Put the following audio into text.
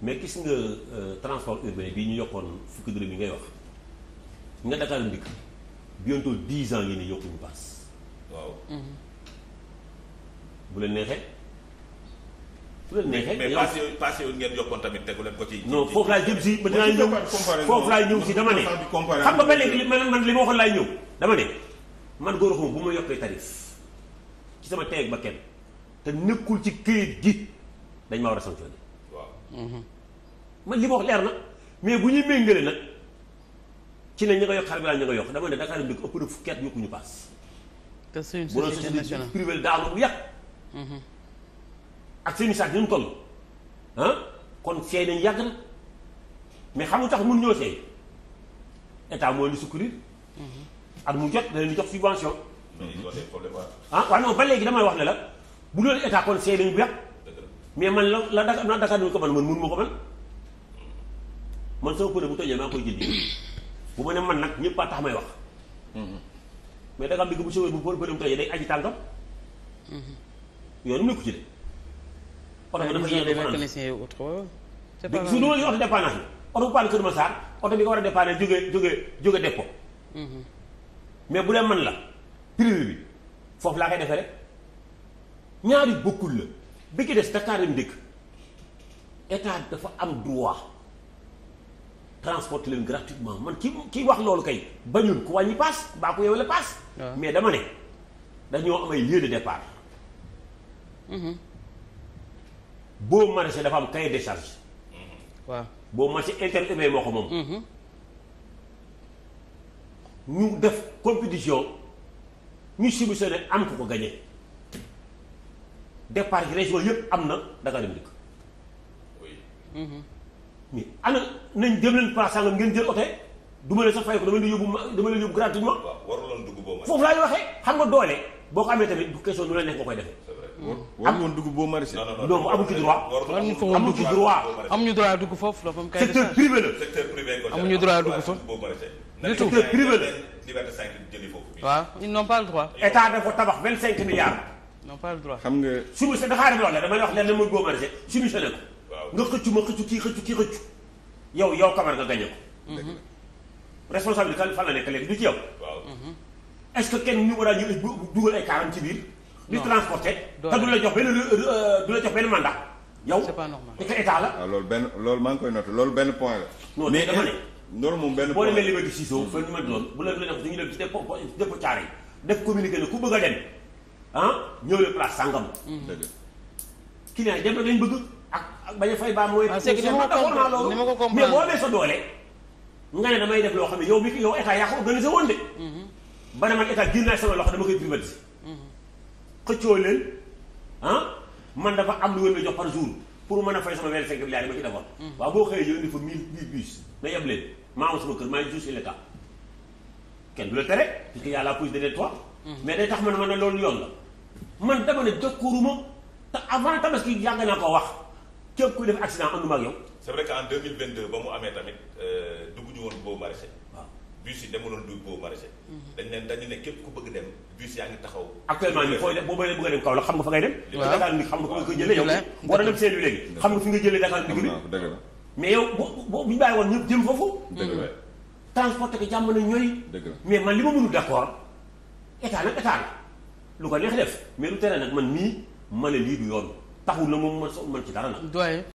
mais gis nga euh, transport urbain bii ñu yokkoon fukki dërëm yi ngay wax nga Dakar ndik bientôt dix ans ngeen di ñu paas mm-hmm. bu leen neexee. bu leen neexee mais paas tamit tegu leen ci. non foofu laay jëm si ba dinaa ñëw foofu laay ñëw si dama ne. xam nga ba léegi man man li ma waxoon laay ñëw dama ne man góor xuma bu ma yokkee tarif ci sama teeg ba kenn te nekkul ci këyit gi dañ ma war a sanctionné. man li ma wax leer na mais bu ñuy méngale nag ci ne ña nga yokk xar bi daal ña nga yokk dama ne Dakar bi ëpp na fukki at yokkuñu paas. te ñu toll ah kon seey mais xam tax mun ñoo seey état mooy lu sukkurir. at mu jot danañ jox subvention. ah waaw non ba léegi damay wax ne la bu loolu état kon seey nañ bu yàq. mais man la la daka la dakaar ko man man mun ma ko man man sama pneu bu tojee maa koy jëndi bu ma ne man nag ñëpp a tax may wax mais dakaar bi bu sowee bu pneu bu tojee day aji tànkam yoonu nekku ci de oto bi dafa yéex a fanaan su loolu oto dépannage la oto bu paan Kër Massar oto bi nga war a dépanner jóge jóge jóge dépôt mais bu dee man la privé bi foofu laa koy defee rek ñaari bokkul la bi ci des Dakar lañ état dafa am droit transporte leen gratuitement man ki ki wax loolu kay bañul ku wàññi paas baa ko yow la paas. mais dama ne dañoo am ay lieu de départ. Mm-hmm. boo marché dafa am cahier de charge. waaw mm-hmm. boo marché interurbain moo ko moom. Mm-hmm. ñu def compétition ñu subventionné am ku ko gagné. départ yi région yépp am na Dakar dem dikk. Mhm. ana nañ dem leen place sangam ngeen jël oto du ma leen sax fay ko dama leen yóbbu ma dama leen yóbbu gratuitement. foofu laa ñu waxee xam nga doole boo ko amee tamit du kesoon nu la nekk nga koy defee. am woon dugg boobu maraîcher. non non amu ci droit. amu ci droit amuñu droit dugg foofu la moom kay. secteur privé la secteur privé amuñu droit dugg foofu. waa tout secteur privé la. waaw ils n'ont pas le droit. état dafa tabax 25 milliards. non pas le xam nga. suñu sa dafa aar loola damay wax ne la ma góobalisé suñu sa ne ko. waaw nga xëccu ma xëccu kii xëccu kii xëccu. yow yow kamar nga gañe ko. responsabilité fan la nekk léegi du ci yow. est kenn ñu war a ñu dugal ay kaaram ci biir. di transporter. te du la jox benn du la jox benn mandat. yow la. waaw loolu benn loolu maa ngi koy noté loolu benn point la. mais dama ne. loolu moom benn point la boo demee Liberté Six fa ñu ma doon bu la doon def def def ko ne bëgg ah ñëw leen place sàngam. dëgg client yi def na lañ bëgg ak ak bañ a fay baa mooy. c'est ko comprendre mais boo dee def loo xam ne yow bi yow état yaa ko organisé woon mm-hmm. ba ne man état jël naa sama loxo mm-hmm. man dafa am lu ngeen di jox par jour pour mën a fay sama vingt-cinq milliards yi ma ci defoon. Mm-hmm. waaw boo xëyee yow indi fa mille mille na yeb maa am sama kër maa ngi juste kenn du la tere parce que y a la police derrière Mhm. mais day tax man ma ne loolu yoon la man dama ne jokkooruma te avant tabaski yàgg naa ko wax képp kuy def accident anduma ak yow. c' est vrai que en deux mille vingt deux ba mu amee tamit euh, dugg ñu woon boobu maraîcher. waaw bus yi demuloon dugg boobu maraîcher. Mhm. dañ leen dañu ne képp ku bëgg dem bus yaa ngi taxaw. a dem kaw la xam nga fa xam nga fa nga a dem seen léegi xam nga fi nga jëlee Dakar bi. mais yow boo boo bu ñu bàyyi woon ñëpp jëm foofu. dëgg la transporté ko jàmm na ñooy. mais man li ma mënul d' état nag lu ko neex def mais lu tere nag man nii ma ne lii du yoon taxul na moom man so man nag.